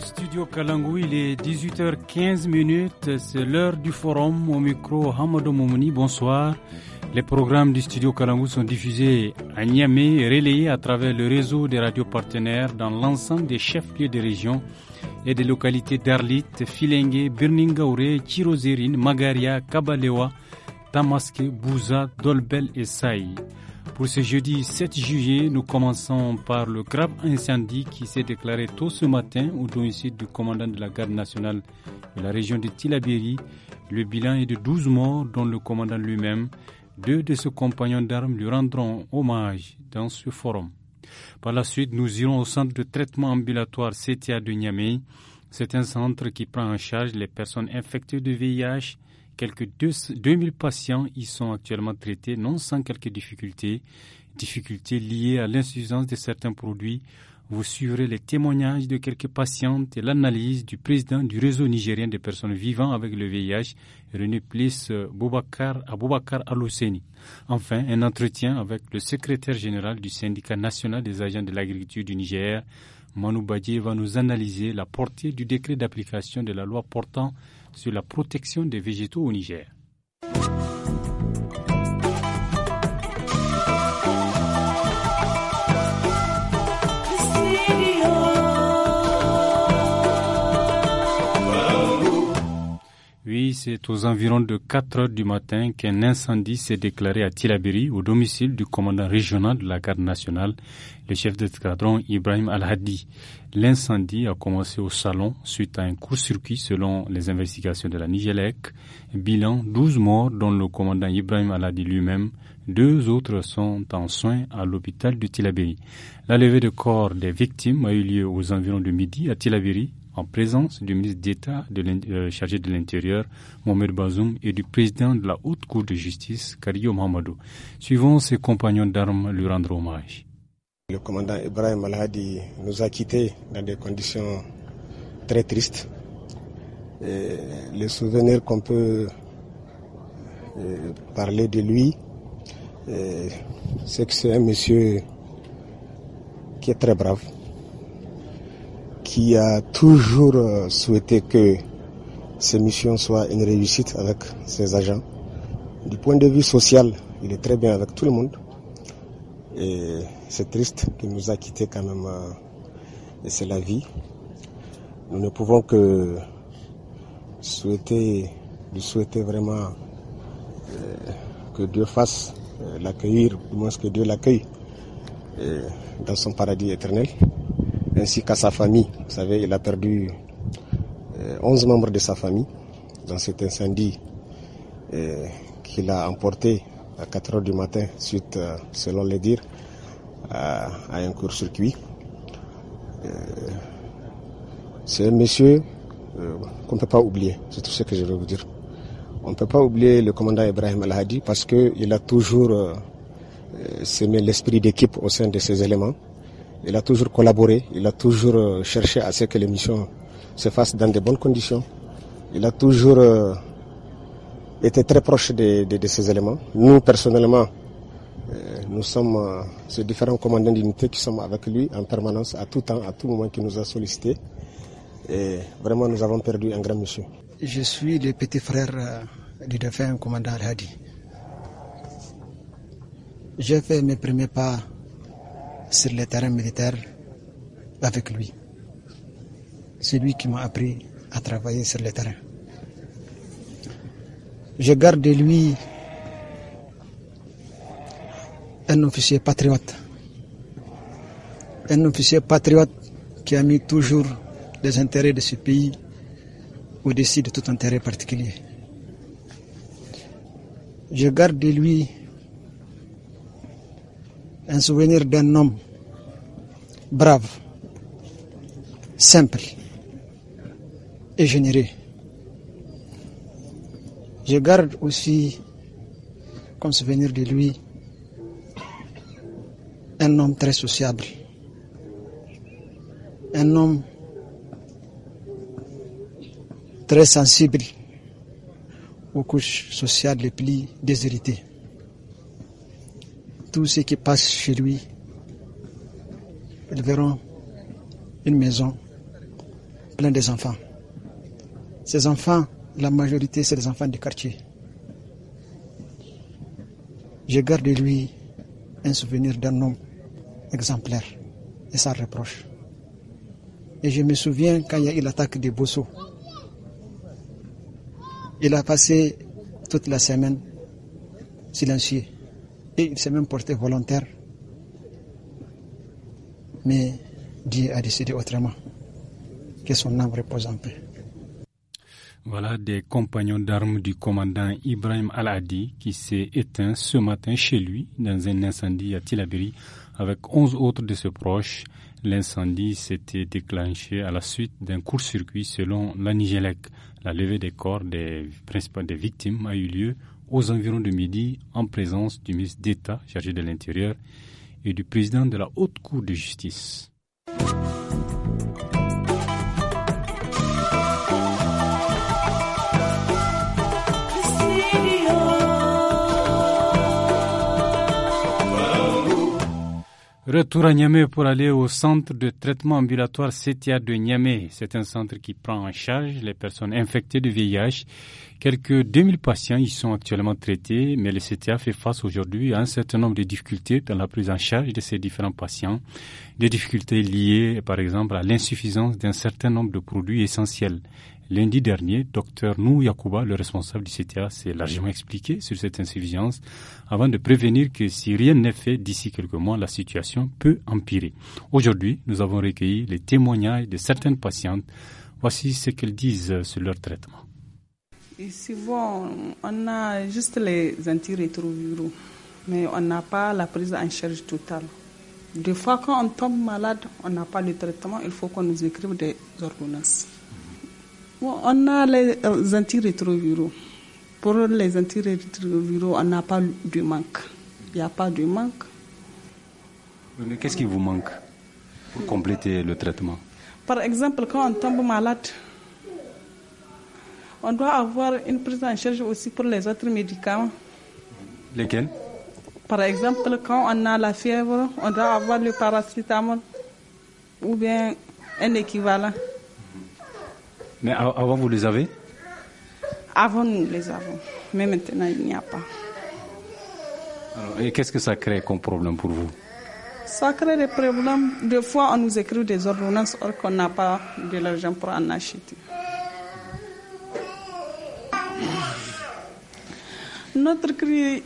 studio Kalangou, il est 18h15 C'est l'heure du forum au micro Hamadou Moumouni. Bonsoir. Les programmes du studio Kalangou sont diffusés à Niamey et relayés à travers le réseau des radios partenaires dans l'ensemble des chefs-lieux des régions et des localités d'Arlit, Filengue, Birningaouré, Chirozérine, Magaria, Kabalewa, Tamaske, Bouza, Dolbel et Saï. Pour ce jeudi 7 juillet, nous commençons par le grave incendie qui s'est déclaré tôt ce matin au domicile du commandant de la garde nationale de la région de Tilabiri. Le bilan est de 12 morts, dont le commandant lui-même. Deux de ses compagnons d'armes lui rendront hommage dans ce forum. Par la suite, nous irons au centre de traitement ambulatoire CTA de Niamey. C'est un centre qui prend en charge les personnes infectées de VIH, Quelques 2000 patients y sont actuellement traités, non sans quelques difficultés, difficultés liées à l'insuffisance de certains produits. Vous suivrez les témoignages de quelques patientes et l'analyse du président du réseau nigérien des personnes vivant avec le VIH, René Plis euh, Boubacar al Alouseni. Enfin, un entretien avec le secrétaire général du syndicat national des agents de l'agriculture du Niger, Manou Badier, va nous analyser la portée du décret d'application de la loi portant sur la protection des végétaux au Niger. Oui, c'est aux environs de 4 heures du matin qu'un incendie s'est déclaré à Tilabiri, au domicile du commandant régional de la garde nationale, le chef d'escadron Ibrahim Al-Hadi. L'incendie a commencé au salon suite à un court-circuit selon les investigations de la Nigelec. Bilan 12 morts, dont le commandant Ibrahim Al-Hadi lui-même. Deux autres sont en soins à l'hôpital de Tilabiri. La levée de corps des victimes a eu lieu aux environs de midi à Tilabiri en présence du ministre d'État euh, chargé de l'Intérieur, Mohamed Bazoum, et du président de la Haute Cour de justice, Kario Mohamedou. Suivons ses compagnons d'armes lui rendre hommage. Le commandant Ibrahim Alhadi nous a quittés dans des conditions très tristes. Le les souvenirs qu'on peut euh, parler de lui, euh, c'est que c'est un monsieur qui est très brave qui a toujours euh, souhaité que ses missions soient une réussite avec ses agents. Du point de vue social, il est très bien avec tout le monde. Et c'est triste qu'il nous a quittés quand même. Euh, et c'est la vie. Nous ne pouvons que souhaiter, lui souhaiter vraiment euh, que Dieu fasse l'accueillir, du moins que Dieu l'accueille dans son paradis éternel ainsi qu'à sa famille. Vous savez, il a perdu 11 euh, membres de sa famille dans cet incendie euh, qu'il a emporté à 4 h du matin suite, euh, selon les dires, à, un court-circuit. C'est un monsieur qu'on ne peut pas oublier, c'est tout ce que je veux vous dire. On ne peut pas oublier le commandant Ibrahim Al-Hadi parce qu'il a toujours semé l'esprit d'équipe au sein de ses éléments. Il a toujours collaboré, il a toujours euh, cherché à ce que les missions se fasse dans de bonnes conditions. Il a toujours euh, été très proche de, ces éléments. Nous, personnellement, euh, nous sommes ces différents commandants d'unité qui sommes avec lui en permanence, à tout temps, à tout moment qu'il nous a sollicités. Et vraiment, nous avons perdu un grand monsieur. Je suis le petit frère du défunt commandant hadi J'ai fait mes premiers pas sur le terrain militaire avec lui. C'est lui qui m'a appris à travailler sur le terrain. Je garde de lui un officier patriote. Un officier patriote qui a mis toujours les intérêts de ce pays au-dessus de tout intérêt particulier. Je garde de lui un souvenir d'un homme brave, simple et généreux. Je garde aussi comme souvenir de lui un homme très sociable, un homme très sensible aux couches sociales les plus déshéritées tout ce qui passe chez lui. Ils verront une maison pleine des enfants. Ces enfants, la majorité, c'est des enfants du quartier. Je garde de lui un souvenir d'un homme exemplaire et sans reproche. Et je me souviens quand il y a eu l'attaque de Bosso. Il a passé toute la semaine silencieux et il s'est même porté volontaire. Mais Dieu a décidé autrement. Que son âme repose en paix. Voilà des compagnons d'armes du commandant Ibrahim Al-Adi qui s'est éteint ce matin chez lui dans un incendie à Tilabiri avec 11 autres de ses proches. L'incendie s'était déclenché à la suite d'un court-circuit selon la Nigelec. La levée des corps des principaux des victimes a eu lieu aux environs de midi en présence du ministre d'État chargé de l'Intérieur et du président de la Haute Cour de justice. Retour à Niamey pour aller au centre de traitement ambulatoire CTA de Niamey. C'est un centre qui prend en charge les personnes infectées de VIH. Quelques 2000 patients y sont actuellement traités, mais le CTA fait face aujourd'hui à un certain nombre de difficultés dans la prise en charge de ces différents patients. Des difficultés liées, par exemple, à l'insuffisance d'un certain nombre de produits essentiels. Lundi dernier, docteur Nou Yakuba, le responsable du CTA, s'est largement expliqué sur cette insuffisance avant de prévenir que si rien n'est fait d'ici quelques mois, la situation peut empirer. Aujourd'hui, nous avons recueilli les témoignages de certaines patientes. Voici ce qu'elles disent sur leur traitement. Ici, on a juste les antirétroviraux, mais on n'a pas la prise en charge totale. Des fois, quand on tombe malade, on n'a pas de traitement, il faut qu'on nous écrive des ordonnances. On a les antirétroviraux. Euh, pour les antirétroviraux, on n'a pas de manque. Il n'y a pas de manque. Mais qu'est-ce qui vous manque pour compléter le traitement Par exemple, quand on tombe malade, on doit avoir une prise en charge aussi pour les autres médicaments. Lesquels Par exemple, quand on a la fièvre, on doit avoir le paracétamol ou bien un équivalent. Mais avant, vous les avez Avant, nous les avons. Mais maintenant, il n'y a pas. et qu'est-ce que ça crée comme problème pour vous Ça crée des problèmes. Des fois, on nous écrit des ordonnances alors qu'on n'a pas de l'argent pour en acheter. Notre cri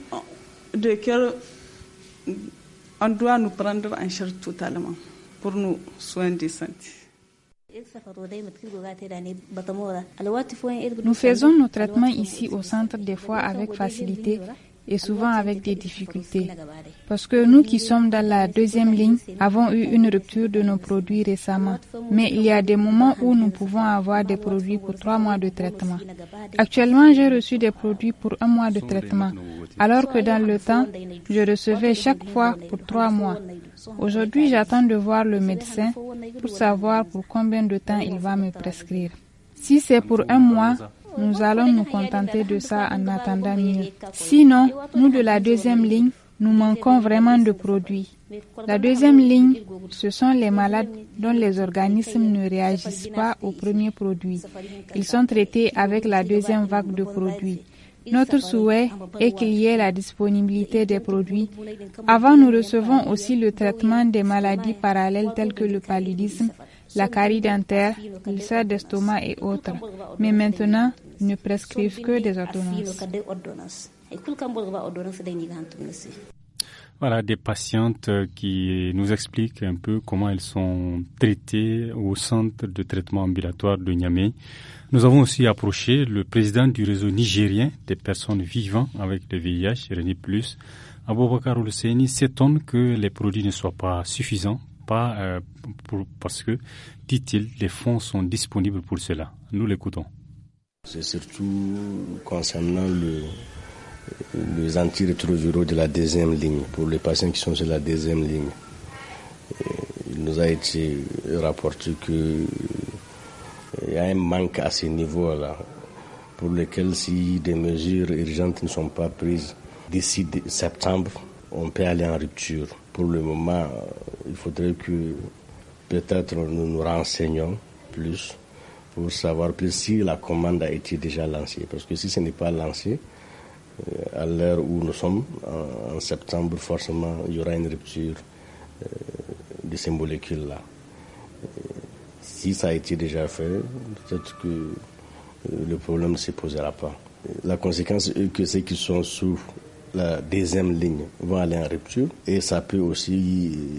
de cœur, on doit nous prendre en charge totalement pour nous soins de santé. Nous faisons nos traitements ici au centre des fois avec facilité et souvent avec des difficultés. Parce que nous qui sommes dans la deuxième ligne avons eu une rupture de nos produits récemment. Mais il y a des moments où nous pouvons avoir des produits pour trois mois de traitement. Actuellement, j'ai reçu des produits pour un mois de traitement, alors que dans le temps, je recevais chaque fois pour trois mois. Aujourd'hui, j'attends de voir le médecin pour savoir pour combien de temps il va me prescrire. Si c'est pour un mois, nous allons nous contenter de ça en attendant mieux. Sinon, nous de la deuxième ligne, nous manquons vraiment de produits. La deuxième ligne, ce sont les malades dont les organismes ne réagissent pas aux premiers produits. Ils sont traités avec la deuxième vague de produits. Notre souhait est qu'il y ait la disponibilité des produits. Avant, nous recevons aussi le traitement des maladies parallèles telles que le paludisme, la carie dentaire, l'ulcère d'estomac et autres. Mais maintenant, ils ne prescrivent que des ordonnances. Voilà, des patientes euh, qui nous expliquent un peu comment elles sont traitées au centre de traitement ambulatoire de Niamey. Nous avons aussi approché le président du réseau nigérien des personnes vivant avec le VIH, René Plus. Le Oulseini s'étonne que les produits ne soient pas suffisants pas, euh, parce que, dit-il, les fonds sont disponibles pour cela. Nous l'écoutons. C'est surtout concernant le, les antirétroviraux de la deuxième ligne, pour les patients qui sont sur la deuxième ligne. Il nous a été rapporté que il y a un manque à ce niveau-là, pour lequel si des mesures urgentes ne sont pas prises d'ici septembre, on peut aller en rupture. Pour le moment, il faudrait que peut-être nous nous renseignions plus pour savoir plus si la commande a été déjà lancée. Parce que si ce n'est pas lancé, euh, à l'heure où nous sommes, en, septembre, forcément, il y aura une rupture euh, de ces molécules-là. Euh, si ça a été déjà fait, peut-être que euh, le problème ne se posera pas. La conséquence est que ceux qui sont sous la deuxième ligne vont aller en rupture et ça peut aussi euh,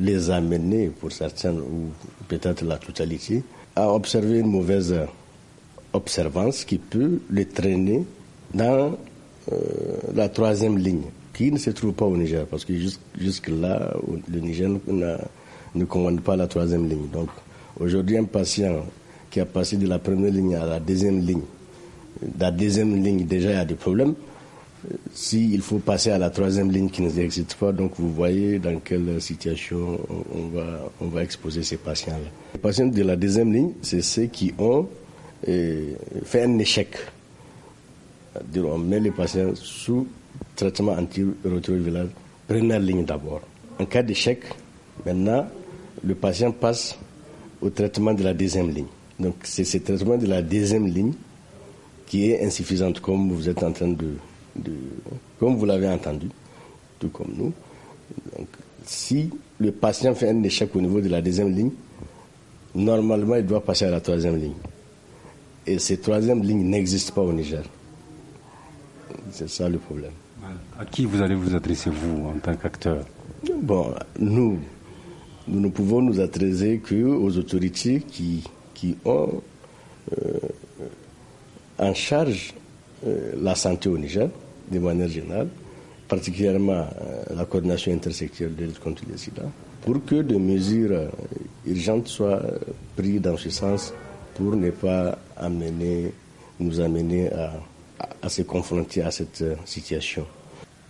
les amener, pour certaines ou peut-être la totalité, à observer une mauvaise euh, observance qui peut les traîner dans la troisième ligne, qui ne se trouve pas au Niger, parce que jusque-là, le Niger ne commande pas la troisième ligne. Donc, Aujourd'hui, un patient qui a passé de la première ligne à la deuxième ligne, la deuxième ligne, déjà, il y a des problèmes. S'il faut passer à la troisième ligne qui n'existe pas, donc vous voyez dans quelle situation on va, on va exposer ces patients-là. Les patients de la deuxième ligne, c'est ceux qui ont eh, fait un échec. On met les patients sous traitement antirétroviral, première ligne d'abord. En cas d'échec, maintenant, le patient passe au traitement de la deuxième ligne. Donc c'est ce traitement de la deuxième ligne qui est insuffisante, comme vous êtes en train de, comme vous l'avez entendu, tout comme nous. si le patient fait un échec au niveau de la deuxième ligne, normalement il doit passer à la troisième ligne. Et cette troisième ligne n'existe pas au Niger. C'est ça le problème. À qui vous allez vous adresser, vous, en tant qu'acteur Bon, nous, nous ne pouvons nous adresser qu'aux autorités qui, qui ont euh, en charge euh, la santé au Niger, de manière générale, particulièrement euh, la coordination intersectorielle de lutte contre le sida, pour que des mesures urgentes soient prises dans ce sens pour ne pas amener, nous amener à, à, à se confronter à cette situation.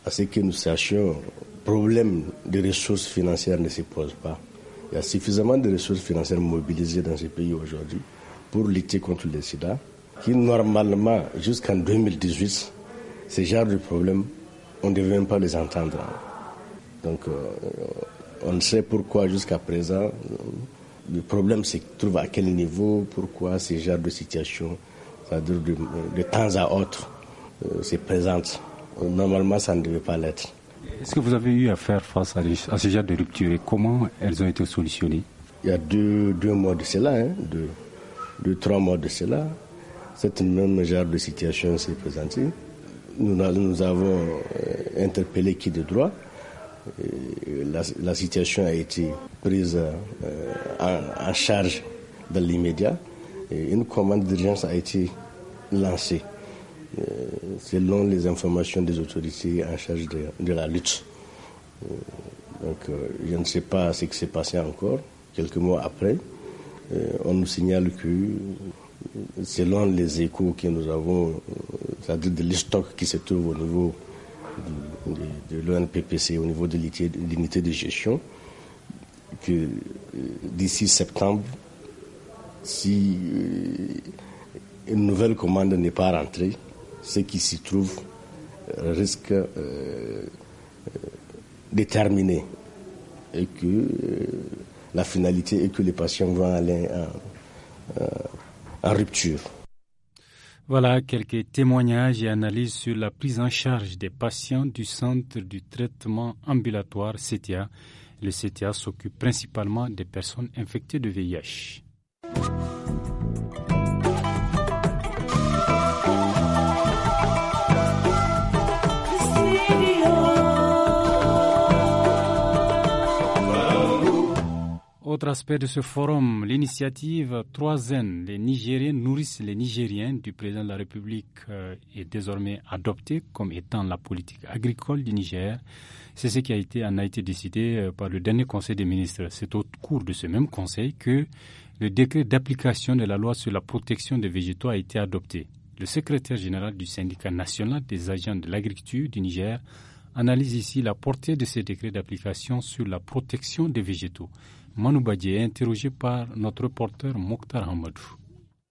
À ce que nous sachions problème de ressources financières ne se pose pas. Il y a suffisamment de ressources financières mobilisées dans ce pays aujourd'hui pour lutter contre le sida, qui normalement, jusqu'en 2018, ces genre de problème, on ne devait même pas les entendre. Donc, on euh, on sait pourquoi jusqu'à présent, le problème se trouve à quel niveau, pourquoi ces genres de situation, de, temps à autre, euh, se présente. Normalement, ça ne devait pas l'être. Est-ce que vous avez eu à faire face à, ce genre de rupture et comment elles ont été solutionnées Il y a deux, deux mois de cela, hein, deux, trois mois de cela, cette même genre de situation s'est présentée. Nous, nous avons euh, interpellé qui de droit. Euh, la, situation a été prise euh, en, charge dans l'immédiat. et Une commande d'urgence a été lancée euh, selon les informations des autorités en charge de, la lutte. Euh, donc, euh, je ne sais pas ce qui s'est passé encore. Quelques mois après, on nous signale que, selon les échos que nous avons, c'est-à-dire de l'stock qui se trouve au niveau de, de l'ONPPC, au niveau de l'unité de gestion, que d'ici septembre, si une nouvelle commande n'est pas rentrée, ce qui s'y trouve euh, risque euh, euh, déterminé et que la finalité est que les patients vont aller en, rupture. Voilà quelques témoignages et analyses sur la prise en charge des patients du Centre du traitement ambulatoire CTA. Le CTA s'occupe principalement des personnes infectées de VIH. autre aspect de ce forum, l'initiative 3N, les Nigériens nourrissent les Nigériens du président de la République euh, est désormais adoptée comme étant la politique agricole du Niger. C'est ce qui a été, en a été décidé euh, par le dernier Conseil des ministres. C'est au cours de ce même Conseil que le décret d'application de la loi sur la protection des végétaux a été adopté. Le secrétaire général du syndicat national des agents de l'agriculture du Niger analyse ici la portée de ce décret d'application sur la protection des végétaux. Manoubadje est interrogé par notre reporter Mokhtar Hamadou.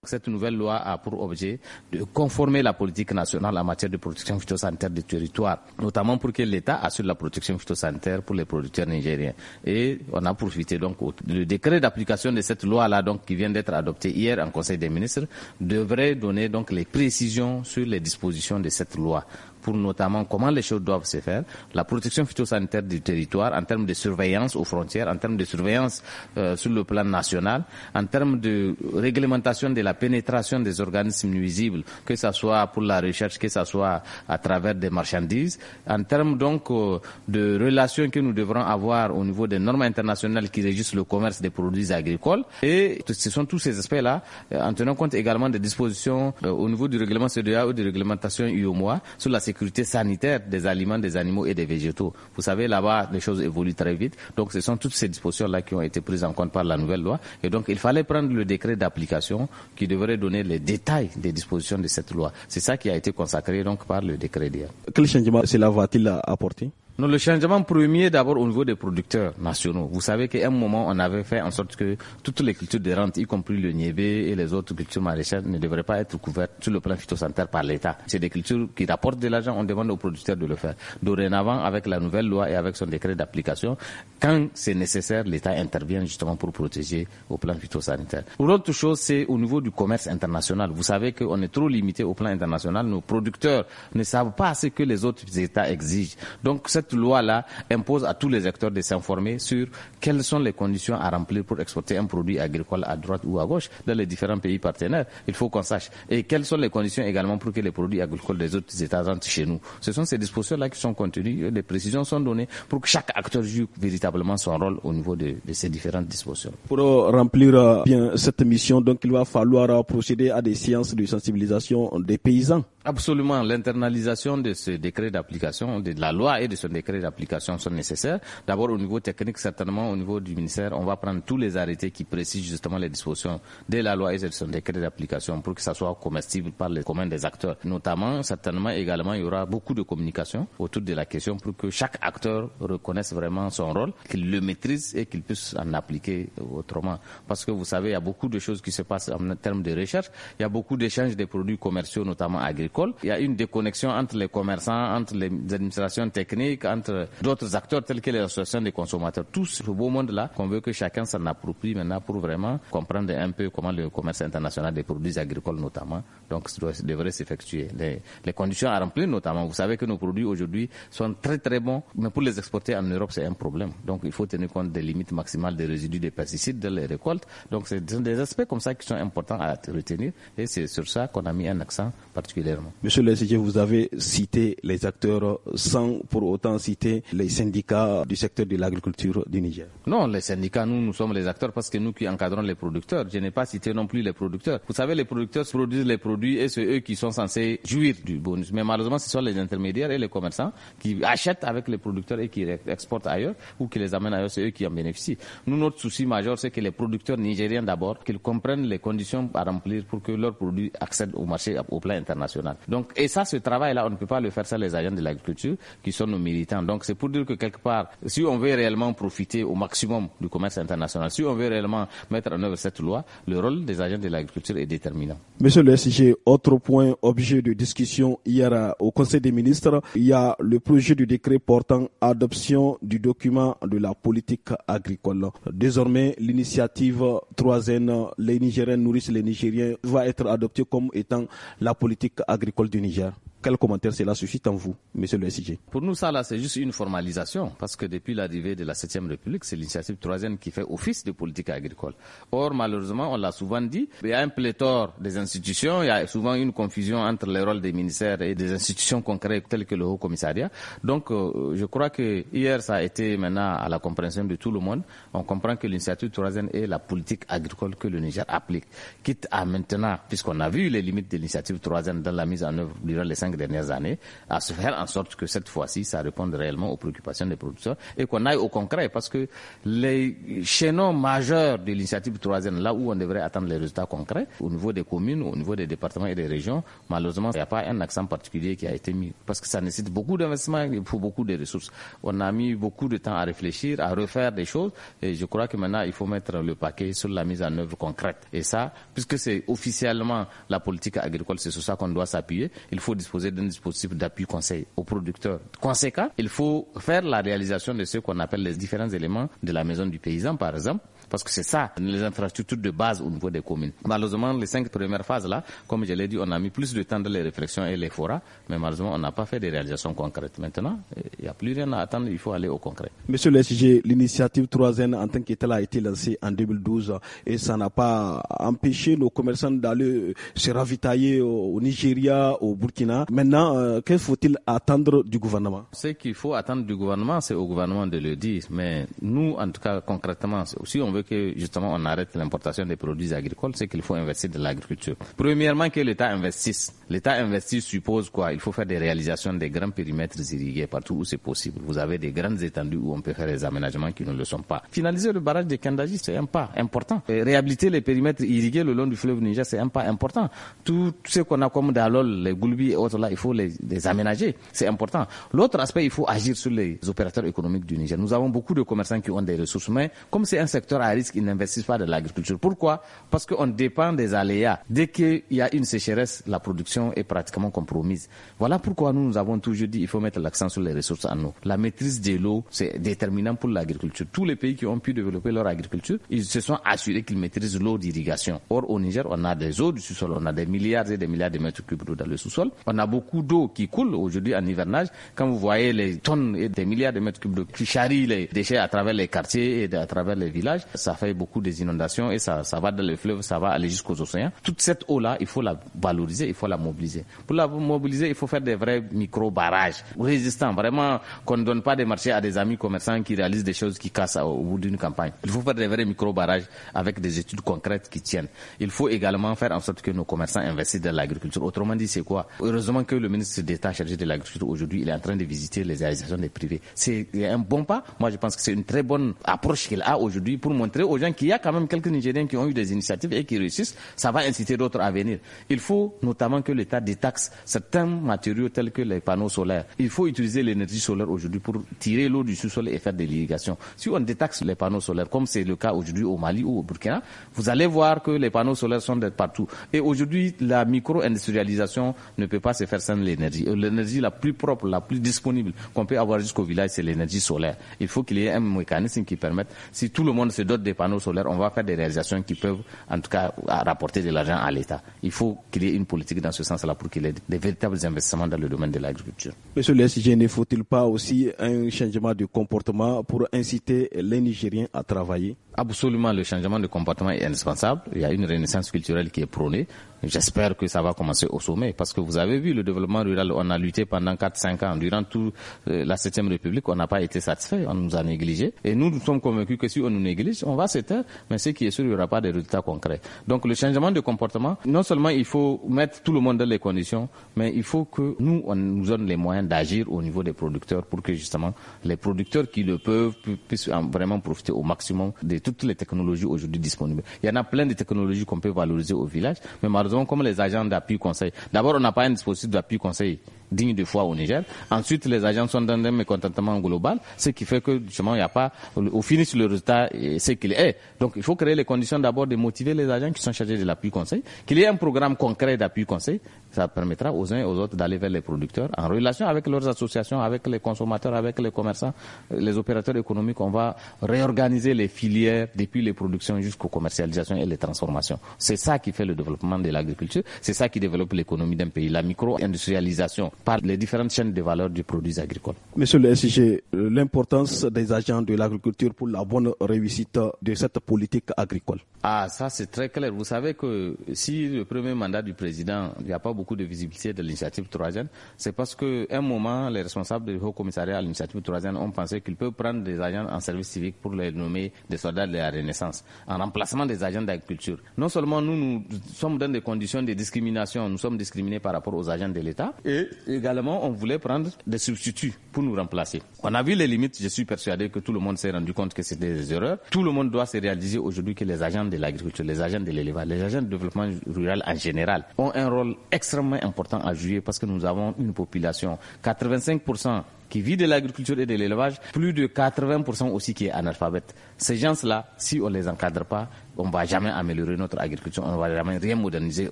Cette nouvelle loi a pour objet de conformer la politique nationale en matière de protection phytosanitaire du territoire, notamment pour que l'État assure la protection phytosanitaire pour les producteurs nigériens. Et on a profité donc le décret d'application de cette loi-là, donc qui vient d'être adopté hier en Conseil des ministres, devrait donner donc les précisions sur les dispositions de cette loi pour notamment comment les choses doivent se faire, la protection phytosanitaire du territoire en termes de surveillance aux frontières, en termes de surveillance euh, sur le plan national, en termes de réglementation de la pénétration des organismes nuisibles, que ce soit pour la recherche, que ce soit à travers des marchandises, en termes donc euh, de relations que nous devrons avoir au niveau des normes internationales qui régissent le commerce des produits agricoles. Et ce sont tous ces aspects-là, euh, en tenant compte également des dispositions au niveau du règlement CDA ou des réglementations UOMOA sur la sécurité sanitaire des aliments, des animaux et des végétaux. Vous savez, là-bas, les choses évoluent très vite. Donc, ce sont toutes ces dispositions-là qui ont été prises en compte par la nouvelle loi. Et donc, il fallait prendre le décret d'application qui devrait donner les détails des dispositions de cette loi. C'est ça qui a été consacré donc par le décret d'IA. Quel changement cela va-t-il apporter non, le changement premier, d'abord au niveau des producteurs nationaux. Vous savez qu'à un moment, on avait fait en sorte que toutes les cultures de rente, y compris le niébé et les autres cultures maraîchères, ne devraient pas être couvertes sur le plan phytosanitaire par l'État. C'est des cultures qui rapportent de l'argent, on demande aux producteurs de le faire. Dorénavant, avec la nouvelle loi et avec son décret d'application, quand c'est nécessaire, l'État intervient justement pour protéger au plan phytosanitaire. L'autre chose, c'est au niveau du commerce international. Vous savez qu'on est trop limité au plan international. Nos producteurs ne savent pas ce que les autres États exigent. Donc, cette loi-là impose à tous les acteurs de s'informer sur quelles sont les conditions à remplir pour exporter un produit agricole à droite ou à gauche dans les différents pays partenaires. Il faut qu'on sache. Et quelles sont les conditions également pour que les produits agricoles des autres États rentrent chez nous. Ce sont ces dispositions-là qui sont contenues, les précisions sont données pour que chaque acteur joue véritablement son rôle au niveau de, de ces différentes dispositions. Pour euh, remplir euh, bien cette mission, donc il va falloir euh, procéder à des séances de sensibilisation des paysans. Absolument, l'internalisation de ce décret d'application, de la loi et de ce décret d'application sont nécessaires. D'abord, au niveau technique, certainement, au niveau du ministère, on va prendre tous les arrêtés qui précisent justement les dispositions de la loi et de son décret d'application pour que ça soit comestible par les communs des acteurs. Notamment, certainement, également, il y aura beaucoup de communication autour de la question pour que chaque acteur reconnaisse vraiment son rôle, qu'il le maîtrise et qu'il puisse en appliquer autrement. Parce que vous savez, il y a beaucoup de choses qui se passent en termes de recherche. Il y a beaucoup d'échanges des produits commerciaux, notamment agricoles il y a une déconnexion entre les commerçants, entre les administrations techniques, entre d'autres acteurs tels que les associations des consommateurs. Tous ce beau monde-là qu'on veut que chacun s'en approprie maintenant pour vraiment comprendre un peu comment le commerce international des produits agricoles notamment, donc devrait s'effectuer. Les, conditions à remplir notamment, vous savez que nos produits aujourd'hui sont très très bons, mais pour les exporter en Europe c'est un problème. Donc il faut tenir compte des limites maximales des résidus des pesticides dans les récoltes. Donc c'est des aspects comme ça qui sont importants à retenir et c'est sur ça qu'on a mis un accent particulièrement. Monsieur le CG, vous avez cité les acteurs sans pour autant citer les syndicats du secteur de l'agriculture du Niger. Non, les syndicats, nous, nous sommes les acteurs parce que nous qui encadrons les producteurs. Je n'ai pas cité non plus les producteurs. Vous savez, les producteurs produisent les produits et c'est eux qui sont censés jouir du bonus. Mais malheureusement, ce sont les intermédiaires et les commerçants qui achètent avec les producteurs et qui exportent ailleurs ou qui les amènent ailleurs. C'est eux qui en bénéficient. Nous, notre souci majeur, c'est que les producteurs nigériens d'abord, qu'ils comprennent les conditions à remplir pour que leurs produits accèdent au marché au plan international. Donc, et ça, ce travail-là, on ne peut pas le faire sans les agents de l'agriculture qui sont nos militants. Donc, c'est pour dire que quelque part, si on veut réellement profiter au maximum du commerce international, si on veut réellement mettre en œuvre cette loi, le rôle des agents de l'agriculture est déterminant. Monsieur le SG, autre point objet de discussion hier euh, au Conseil des ministres, il y a le projet du décret portant adoption du document de la politique agricole. Désormais, l'initiative 3N, les Nigériens nourrissent les Nigériens, va être adoptée comme étant la politique agricole agricole du Niger quel commentaire cela suscite en vous, monsieur le SIG Pour nous, ça, là, c'est juste une formalisation, parce que depuis l'arrivée de la 7e République, c'est l'initiative troisième qui fait office de politique agricole. Or, malheureusement, on l'a souvent dit, il y a un pléthore des institutions, il y a souvent une confusion entre les rôles des ministères et des institutions concrètes telles que le Haut Commissariat. Donc, euh, je crois que hier, ça a été maintenant à la compréhension de tout le monde. On comprend que l'initiative troisième est la politique agricole que le Niger applique. Quitte à maintenant, puisqu'on a vu les limites de l'initiative troisième dans la mise en œuvre durant les cinq dernières années, à se faire en sorte que cette fois-ci, ça réponde réellement aux préoccupations des producteurs et qu'on aille au concret, parce que les chaînons majeurs de l'initiative troisième, là où on devrait attendre les résultats concrets, au niveau des communes, au niveau des départements et des régions, malheureusement, il n'y a pas un accent particulier qui a été mis, parce que ça nécessite beaucoup d'investissement, il faut beaucoup de ressources. On a mis beaucoup de temps à réfléchir, à refaire des choses, et je crois que maintenant, il faut mettre le paquet sur la mise en œuvre concrète. Et ça, puisque c'est officiellement la politique agricole, c'est sur ça qu'on doit s'appuyer, il faut disposer disposer d'un dispositif d'appui conseil aux producteurs. Conséquent, il faut faire la réalisation de ce qu'on appelle les différents éléments de la maison du paysan, par exemple, parce que c'est ça, les infrastructures de base au niveau des communes. Malheureusement, les cinq premières phases là, comme je l'ai dit, on a mis plus de temps dans les réflexions et les forats, mais malheureusement, on n'a pas fait des réalisations concrètes. Maintenant, il n'y a plus rien à attendre, il faut aller au concret. Monsieur le SG, l'initiative 3N en tant qu'État a été lancée en 2012 et ça n'a pas empêché nos commerçants d'aller euh, se ravitailler au Nigeria, au Burkina. Maintenant, euh, qu'est-ce qu'il faut-il attendre du gouvernement Ce qu'il faut attendre du gouvernement, c'est au gouvernement de le dire. Mais nous, en tout cas, concrètement, si on veut que justement on arrête l'importation des produits agricoles, c'est qu'il faut investir dans l'agriculture. Premièrement, que l'État investisse. L'État investisse suppose quoi Il faut faire des réalisations des grands périmètres irrigués partout où c'est possible. Vous avez des grandes étendues où on peut faire des aménagements qui ne le sont pas. Finaliser le barrage de Kandaji, c'est un pas important. réhabiliter les périmètres irrigués le long du fleuve Niger, c'est un pas important. Tout ce qu'on a comme Dalol, les Goulbi et autres là, il faut les, aménager. C'est important. L'autre aspect, il faut agir sur les opérateurs économiques du Niger. Nous avons beaucoup de commerçants qui ont des ressources, mais comme c'est un secteur risque, ils n'investissent pas dans l'agriculture. Pourquoi Parce qu'on dépend des aléas. Dès qu'il y a une sécheresse, la production est pratiquement compromise. Voilà pourquoi nous, nous avons toujours dit qu'il faut mettre l'accent sur les ressources en eau. La maîtrise de l'eau, c'est déterminant pour l'agriculture. Tous les pays qui ont pu développer leur agriculture, ils se sont assurés qu'ils maîtrisent l'eau d'irrigation. Or, au Niger, on a des eaux du sous-sol, on a des milliards et des milliards de mètres cubes d'eau dans le sous-sol. On a beaucoup d'eau qui coule aujourd'hui en hivernage. Quand vous voyez les tonnes et des milliards de mètres cubes d'eau qui charrient les déchets à travers les quartiers et à travers les villages, ça fait beaucoup des inondations et ça, ça va dans les fleuves, ça va aller jusqu'aux océans. Toute cette eau-là, il faut la valoriser, il faut la mobiliser. Pour la mobiliser, il faut faire des vrais micro-barrages résistants, vraiment qu'on ne donne pas des marchés à des amis commerçants qui réalisent des choses qui cassent au bout d'une campagne. Il faut faire des vrais micro-barrages avec des études concrètes qui tiennent. Il faut également faire en sorte que nos commerçants investissent dans l'agriculture. Autrement dit, c'est quoi Heureusement que le ministre d'État chargé de l'agriculture aujourd'hui, il est en train de visiter les réalisations des privés. C'est un bon pas. Moi, je pense que c'est une très bonne approche qu'il a aujourd'hui pour montrer aux gens qu'il y a quand même quelques Nigériens qui ont eu des initiatives et qui réussissent. Ça va inciter d'autres à venir. Il faut notamment que l'État détaxe certains matériaux tels que les panneaux solaires. Il faut utiliser l'énergie solaire aujourd'hui pour tirer l'eau du sous-sol et faire de l'irrigation. Si on détaxe les panneaux solaires, comme c'est le cas aujourd'hui au Mali ou au Burkina, vous allez voir que les panneaux solaires sont d'être partout. Et aujourd'hui, la micro-industrialisation ne peut pas se faire sans l'énergie. Euh, l'énergie la plus propre, la plus disponible qu'on peut avoir jusqu'au village, c'est l'énergie solaire. Il faut qu'il y ait un mécanisme qui permette, si tout le monde se donne panneaux solaires, on va faire des réalisations qui peuvent, en tout cas, rapporter de l'argent à l'État. Il faut qu'il ait une politique dans ce sens-là pour qu'il y ait des véritables investissements dans le domaine de l'agriculture. Monsieur le SG, ne faut-il pas aussi un changement de comportement pour inciter les Nigériens à travailler absolument le changement de comportement est indispensable. Il y a une renaissance culturelle qui est prônée. J'espère que ça va commencer au sommet parce que vous avez vu le développement rural, on a lutté pendant 4-5 ans. Durant toute euh, la 7 République, on n'a pas été satisfait, on nous a négligé. Et nous, nous sommes convaincus que si on nous néglige, on va s'éteindre. mais ce qui est sûr, il n'y aura pas de résultats concrets. Donc le changement de comportement, non seulement il faut mettre tout le monde dans les conditions, mais il faut que nous, on nous donne les moyens d'agir au niveau des producteurs pour que justement les producteurs qui le peuvent puissent vraiment profiter au maximum des toutes les technologies aujourd'hui disponibles. Il y en a plein de technologies qu'on peut valoriser au village, mais malheureusement, comme les agents d'appui conseil, d'abord, on n'a pas un dispositif d'appui conseil digne de foi au Niger. Ensuite, les agents sont dans un mécontentement global, ce qui fait que, justement, il n'y a pas, au sur le résultat, et c'est qu'il est. Donc, il faut créer les conditions d'abord de motiver les agents qui sont chargés de l'appui conseil, qu'il y ait un programme concret d'appui conseil, ça permettra aux uns et aux autres d'aller vers les producteurs en relation avec leurs associations, avec les consommateurs, avec les commerçants, les opérateurs économiques. On va réorganiser les filières depuis les productions jusqu'aux commercialisations et les transformations. C'est ça qui fait le développement de l'agriculture, c'est ça qui développe l'économie d'un pays, la micro-industrialisation par les différentes chaînes de valeur des produits agricoles. Monsieur le SG, euh, l'importance des agents de l'agriculture pour la bonne réussite de cette politique agricole. Ah, ça c'est très clair. Vous savez que si le premier mandat du président, il n'y a pas beaucoup de visibilité de l'initiative troisième, c'est parce qu'à un moment, les responsables du Haut Commissariat à l'initiative troisième ont pensé qu'ils peuvent prendre des agents en service civique pour les nommer des soldats de la Renaissance, en remplacement des agents d'agriculture. Non seulement nous, nous sommes dans des conditions de discrimination, nous sommes discriminés par rapport aux agents de l'État, et également on voulait prendre des substituts pour nous remplacer. On a vu les limites, je suis persuadé que tout le monde s'est rendu compte que c'était des erreurs. Tout le monde doit se réaliser aujourd'hui que les agents de l'agriculture, les agents de l'élevage, les agents de développement rural en général ont un rôle extrêmement important à jouer parce que nous avons une population 85% qui vit de l'agriculture et de l'élevage, plus de 80% aussi qui est analphabète. Ces gens-là, si on ne les encadre pas, on ne va jamais améliorer notre agriculture, on ne va jamais rien moderniser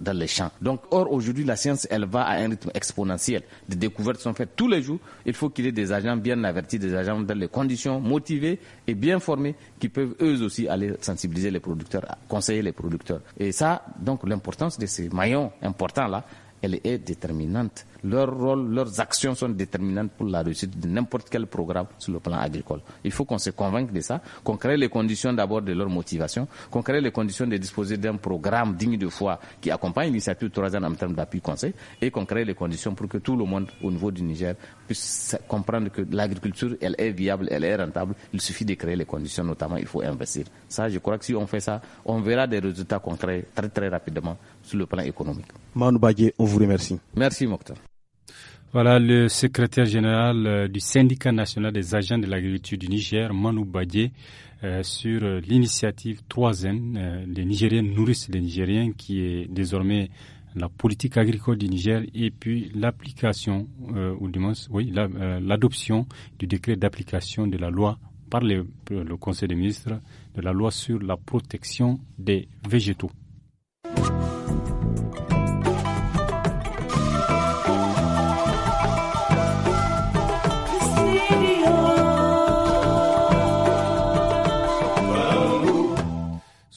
dans les champs. Donc, or, aujourd'hui, la science, elle va à un rythme exponentiel. Des découvertes sont faites tous les jours. Il faut qu'il y ait des agents bien avertis, des agents dans les conditions, motivés et bien formés, qui peuvent eux aussi aller sensibiliser les producteurs, conseiller les producteurs. Et ça, donc, l'importance de ces maillons importants-là, elle est déterminante leur rôle, leurs actions sont déterminantes pour la réussite de n'importe quel programme sur le plan agricole. Il faut qu'on se convainque de ça, qu'on crée les conditions d'abord de leur motivation, qu'on crée les conditions de disposer d'un programme digne de foi qui accompagne l'initiative troisième en termes d'appui conseil et qu'on crée les conditions pour que tout le monde au niveau du Niger puisse comprendre que l'agriculture, elle est viable, elle est rentable. Il suffit de créer les conditions, notamment il faut investir. Ça, je crois que si on fait ça, on verra des résultats concrets très très rapidement sur le plan économique. Manu on vous remercie. Merci Mokhtar. Voilà le secrétaire général euh, du syndicat national des agents de l'agriculture du Niger, Manou Badié, euh, sur euh, l'initiative 3N, les Nigériens nourrissent les Nigériens, qui est désormais la politique agricole du Niger et puis l'application, ou du oui, l'adoption du décret d'application de la loi par le Conseil des ministres de la loi sur la protection des végétaux.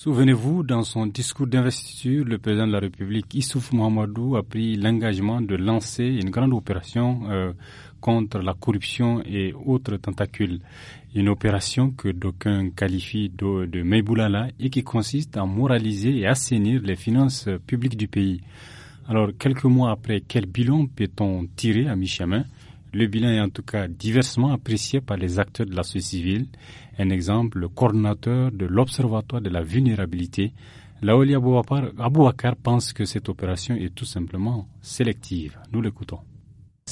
Souvenez-vous, dans son discours d'investiture, le président de la République, Issouf Mohamedou, a pris l'engagement de lancer une grande opération euh, contre la corruption et autres tentacules. Une opération que d'aucuns qualifient de, de Meiboulala et qui consiste à moraliser et assainir les finances publiques du pays. Alors, quelques mois après, quel bilan peut-on tirer à mi-chemin le bilan est en tout cas diversement apprécié par les acteurs de la société civile. Un exemple, le coordinateur de l'Observatoire de la vulnérabilité, Laoli Abouakar, pense que cette opération est tout simplement sélective. Nous l'écoutons.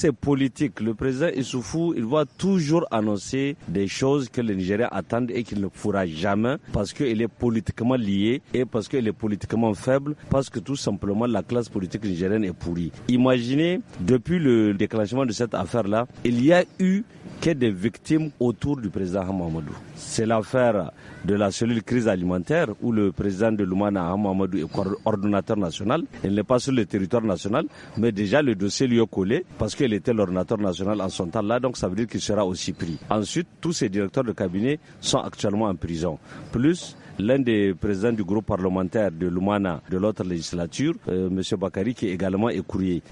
C'est politique. Le président Issoufou, il va toujours annoncer des choses que les Nigériens attendent et qu'il ne fera jamais parce qu'il est politiquement lié et parce qu'il est politiquement faible, parce que tout simplement la classe politique nigérienne est pourrie. Imaginez, depuis le déclenchement de cette affaire-là, il y a eu que des victimes autour du président Hamamadou. C'est l'affaire de la cellule crise alimentaire où le président de l'Oumana Hamamadou est ordonnateur national. Il n'est pas sur le territoire national, mais déjà le dossier lui est collé parce qu'il était l'ordinateur national en son temps là, donc ça veut dire qu'il sera aussi pris. Ensuite, tous ces directeurs de cabinet sont actuellement en prison. Plus l'un des présidents du groupe parlementaire de l'Oumana de l'autre législature, euh, M. Bakari, qui également est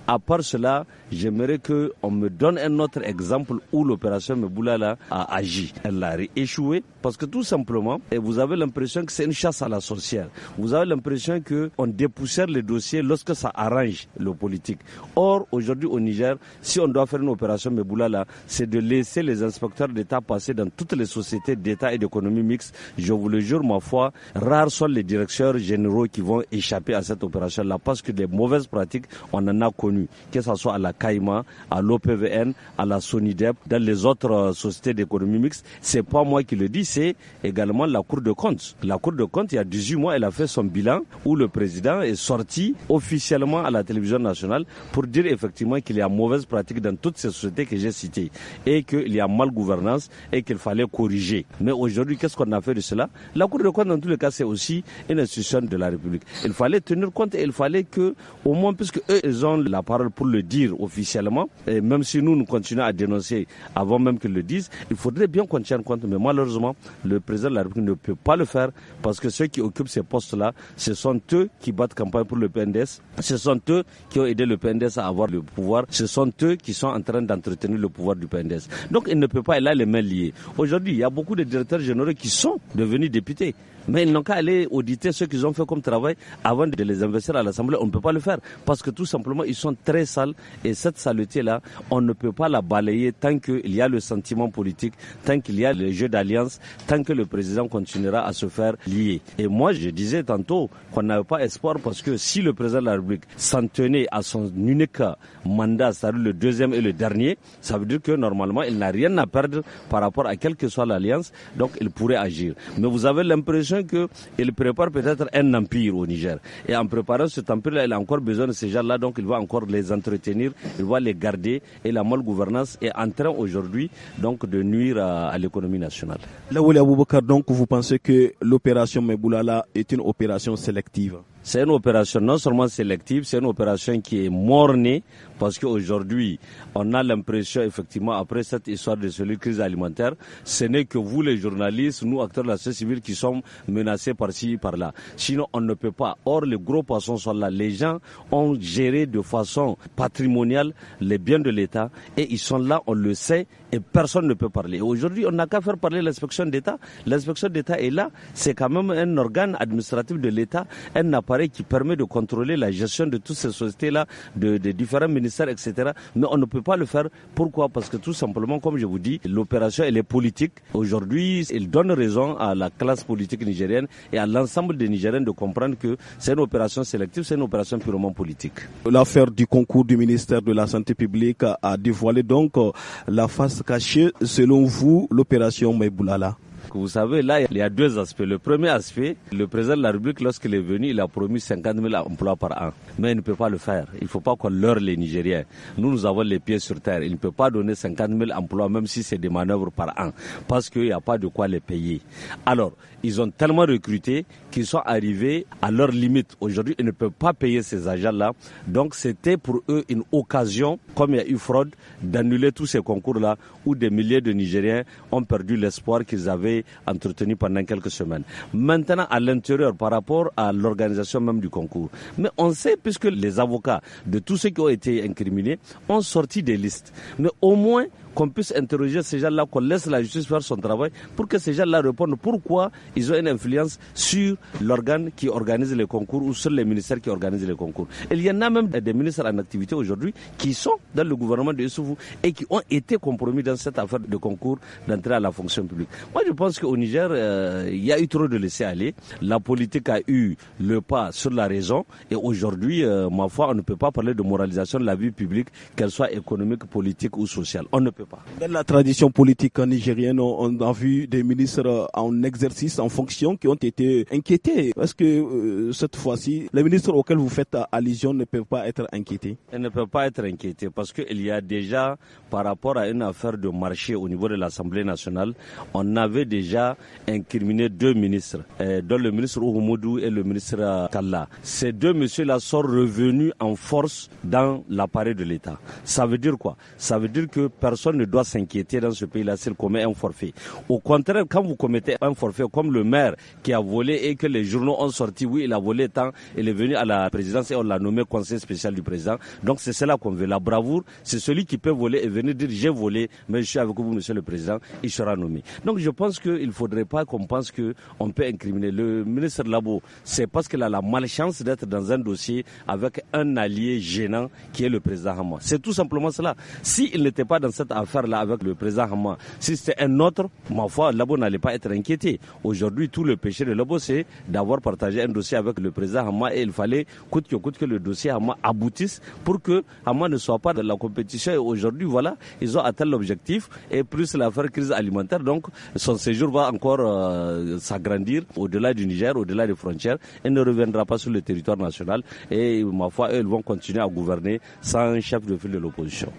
À part cela, j'aimerais qu'on me donne un autre exemple où l'opération l'opération a agi. Elle a échoué parce que tout simplement, eh, vous avez l'impression que c'est une chasse à la sorcière. Vous avez l'impression qu'on dépoussière les dossiers lorsque ça arrange le politique. Or, aujourd'hui au Niger, si on doit faire une opération meboula c'est de laisser les inspecteurs d'État passer dans toutes les sociétés d'État et d'économie mixte. Je vous le jure, ma foi, rares sont les directeurs généraux qui vont échapper à cette opération-là parce que les mauvaises pratiques, on en a connu, que ce soit à la CAIMA, à l'OPVN, à la SONIDEP, dans les d'autres euh, sociétés d'économie mixte, c'est pas moi qui le dis, c'est également la Cour de compte. La Cour de compte, il y a 18 mois, elle a fait son bilan où le président est sorti officiellement à la télévision nationale pour dire effectivement qu'il y a mauvaise pratique dans toutes ces sociétés que j'ai citées et qu'il y a mal gouvernance et qu'il fallait corriger. Mais aujourd'hui, qu'est-ce qu'on a fait de cela La Cour de compte, dans tous les cas, c'est aussi une institution de la République. Il fallait tenir compte et il fallait que, au moins, puisque eux, ils ont la parole pour le dire officiellement, et même si nous, nous continuons à dénoncer avant même qu'ils le disent. Il faudrait bien qu'on tienne compte, mais malheureusement, le président de la République ne peut pas le faire parce que ceux qui occupent ces postes-là, ce sont eux qui battent campagne pour le PNDS. Ce sont eux qui ont aidé le PNDS à avoir le pouvoir. Ce sont eux qui sont en train d'entretenir le pouvoir du PNDS. Donc, il ne peut pas, il a les mains liées. Aujourd'hui, il y a beaucoup de directeurs généraux qui sont devenus députés. Mais ils n'ont qu'à aller auditer ce qu'ils ont fait comme travail avant de les investir à l'Assemblée. On ne peut pas le faire parce que tout simplement, ils sont très sales et cette saleté-là, on ne peut pas la balayer tant qu'il y a le sentiment politique, tant qu'il y a le jeu d'alliance, tant que le président continuera à se faire lier. Et moi, je disais tantôt qu'on n'avait pas espoir parce que si le président de la République s'en tenait à son unique mandat, c'est-à-dire le deuxième et le dernier, ça veut dire que normalement, il n'a rien à perdre par rapport à quelle que soit l'alliance, donc il pourrait agir. Mais vous avez l'impression qu'il prépare peut-être un empire au Niger. Et en préparant cet empire-là, il a encore besoin de ces gens-là, donc il va encore les entretenir, il va les garder. Et la mal gouvernance est en train aujourd'hui donc de nuire à, l'économie nationale. donc vous pensez que l'opération Meboulala est une opération sélective C'est une opération non seulement sélective, c'est une opération qui est mornée parce qu'aujourd'hui, on a l'impression, effectivement, après cette histoire de crise alimentaire, ce n'est que vous, les journalistes, nous, acteurs de la société civile, qui sommes menacés par-ci, par-là. Sinon, on ne peut pas. Or, les gros poissons sont là. Les gens ont géré de façon patrimoniale les biens de l'État et ils sont là, on le sait, et personne ne peut parler. Aujourd'hui, on n'a qu'à faire parler l'inspection d'État. L'inspection d'État est là. C'est quand même un organe administratif de l'État, un appareil qui permet de contrôler la gestion de toutes ces sociétés-là, des différents ministères etc. Mais on ne peut pas le faire. Pourquoi Parce que tout simplement, comme je vous dis, l'opération, est politique. Aujourd'hui, elle donne raison à la classe politique nigérienne et à l'ensemble des Nigériens de comprendre que c'est une opération sélective, c'est une opération purement politique. L'affaire du concours du ministère de la Santé publique a dévoilé donc euh, la face cachée, selon vous, l'opération Meboulala vous savez, là, il y a deux aspects. Le premier aspect, le président de la République, lorsqu'il est venu, il a promis 50 000 emplois par an. Mais il ne peut pas le faire. Il ne faut pas qu'on leur les Nigériens. Nous, nous avons les pieds sur terre. Il ne peut pas donner 50 000 emplois, même si c'est des manœuvres par an, parce qu'il n'y a pas de quoi les payer. Alors, ils ont tellement recruté qu'ils sont arrivés à leur limite. Aujourd'hui, ils ne peuvent pas payer ces agents-là. Donc, c'était pour eux une occasion, comme il y a eu fraude, d'annuler tous ces concours-là où des milliers de Nigériens ont perdu l'espoir qu'ils avaient entretenu pendant quelques semaines. Maintenant, à l'intérieur, par rapport à l'organisation même du concours. Mais on sait, puisque les avocats de tous ceux qui ont été incriminés ont sorti des listes. Mais au moins, qu'on puisse interroger ces gens-là, qu'on laisse la justice faire son travail pour que ces gens-là répondent pourquoi ils ont une influence sur l'organe qui organise les concours ou sur les ministères qui organisent les concours. Il y en a même des ministres en activité aujourd'hui qui sont dans le gouvernement de Issoufou et qui ont été compromis dans cette affaire de concours d'entrée à la fonction publique. Moi, je pense qu'au Niger, euh, il y a eu trop de laisser aller. La politique a eu le pas sur la raison et aujourd'hui, euh, ma foi, on ne peut pas parler de moralisation de la vie publique, qu'elle soit économique, politique ou sociale. On ne peut dans la tradition politique nigérienne, on a vu des ministres en exercice, en fonction, qui ont été inquiétés. Est-ce que euh, cette fois-ci, les ministres auxquels vous faites allusion ne peuvent pas être inquiétés Ils ne peuvent pas être inquiétés parce qu'il y a déjà, par rapport à une affaire de marché au niveau de l'Assemblée nationale, on avait déjà incriminé deux ministres, euh, dont le ministre Oumoudou et le ministre Kalla. Euh, Ces deux messieurs-là sont revenus en force dans l'appareil de l'État. Ça veut dire quoi Ça veut dire que personne ne doit s'inquiéter dans ce pays-là s'il commet un forfait. Au contraire, quand vous commettez un forfait comme le maire qui a volé et que les journaux ont sorti, oui, il a volé tant, il est venu à la présidence et on l'a nommé conseiller spécial du président. Donc c'est cela qu'on veut. La bravoure, c'est celui qui peut voler et venir dire j'ai volé, mais je suis avec vous, monsieur le président, il sera nommé. Donc je pense qu'il ne faudrait pas qu'on pense qu'on peut incriminer. Le ministre Labo, c'est parce qu'il a la malchance d'être dans un dossier avec un allié gênant qui est le président Hamad. C'est tout simplement cela. S'il n'était pas dans cette faire là avec le président Hama. Si c'était un autre, ma foi, Labo n'allait pas être inquiété. Aujourd'hui, tout le péché de Labo, c'est d'avoir partagé un dossier avec le président Hama et il fallait coûte que coûte que le dossier Hama aboutisse pour que Hama ne soit pas dans la compétition. Et aujourd'hui, voilà, ils ont atteint l'objectif et plus l'affaire crise alimentaire. Donc, son séjour va encore euh, s'agrandir au-delà du Niger, au-delà des frontières et ne reviendra pas sur le territoire national. Et ma foi, eux, ils vont continuer à gouverner sans un chef de file de l'opposition.